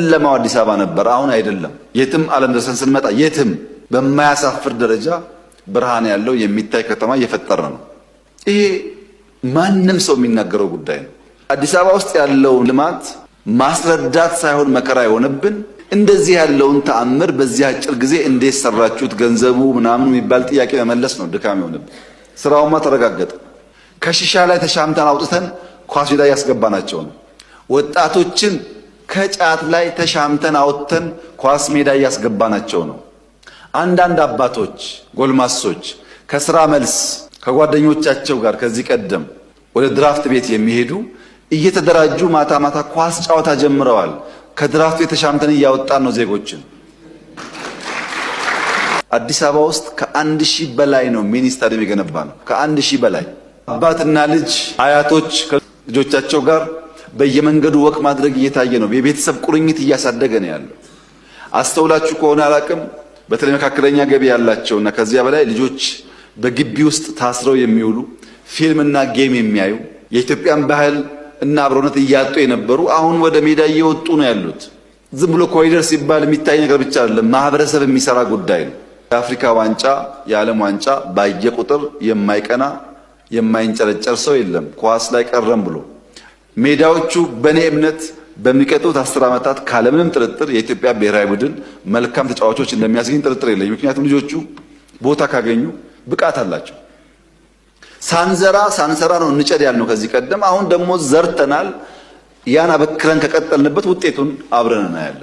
ጨለማው አዲስ አበባ ነበር፣ አሁን አይደለም። የትም ዓለም ደርሰን ስንመጣ የትም በማያሳፍር ደረጃ ብርሃን ያለው የሚታይ ከተማ እየፈጠረ ነው። ይሄ ማንም ሰው የሚናገረው ጉዳይ ነው። አዲስ አበባ ውስጥ ያለውን ልማት ማስረዳት ሳይሆን መከራ የሆነብን እንደዚህ ያለውን ተአምር በዚህ አጭር ጊዜ እንዴት ሰራችሁት ገንዘቡ ምናምን የሚባል ጥያቄ መመለስ ነው ድካም የሆነብን። ስራውማ ተረጋገጠ። ከሽሻ ላይ ተሻምተን አውጥተን ኳስ ሜዳ እያስገባናቸው ነው ወጣቶችን ከጫት ላይ ተሻምተን አውጥተን ኳስ ሜዳ እያስገባናቸው ነው። አንዳንድ አባቶች፣ ጎልማሶች ከስራ መልስ ከጓደኞቻቸው ጋር ከዚህ ቀደም ወደ ድራፍት ቤት የሚሄዱ እየተደራጁ ማታ ማታ ኳስ ጨዋታ ጀምረዋል። ከድራፍት ቤት ተሻምተን እያወጣን ነው ዜጎችን። አዲስ አበባ ውስጥ ከአንድ ሺህ በላይ ነው ሚኒስተር የሚገነባ ነው። ከአንድ ሺህ በላይ አባትና ልጅ አያቶች ከልጆቻቸው ጋር በየመንገዱ ወቅ ማድረግ እየታየ ነው። የቤተሰብ ቁርኝት እያሳደገ ነው ያለው። አስተውላችሁ ከሆነ አላቅም፣ በተለይ መካከለኛ ገቢ ያላቸው እና ከዚያ በላይ ልጆች በግቢ ውስጥ ታስረው የሚውሉ ፊልምና ጌም የሚያዩ የኢትዮጵያን ባህል እና አብሮነት እያጡ የነበሩ አሁን ወደ ሜዳ እየወጡ ነው ያሉት። ዝም ብሎ ኮሪደር ሲባል የሚታይ ነገር ብቻ አይደለም፣ ማህበረሰብ የሚሰራ ጉዳይ ነው። የአፍሪካ ዋንጫ የዓለም ዋንጫ ባየ ቁጥር የማይቀና የማይንጨረጨር ሰው የለም። ኳስ ላይ ቀረም ብሎ ሜዳዎቹ በእኔ እምነት በሚቀጥሉት አስር ዓመታት ካለምንም ጥርጥር የኢትዮጵያ ብሔራዊ ቡድን መልካም ተጫዋቾች እንደሚያስገኝ ጥርጥር የለኝ። ምክንያቱም ልጆቹ ቦታ ካገኙ ብቃት አላቸው። ሳንዘራ ሳንሰራ ነው እንጨድ ያልነው ከዚህ ቀደም። አሁን ደግሞ ዘርተናል። ያን አበክረን ከቀጠልንበት ውጤቱን አብረን እናያለን።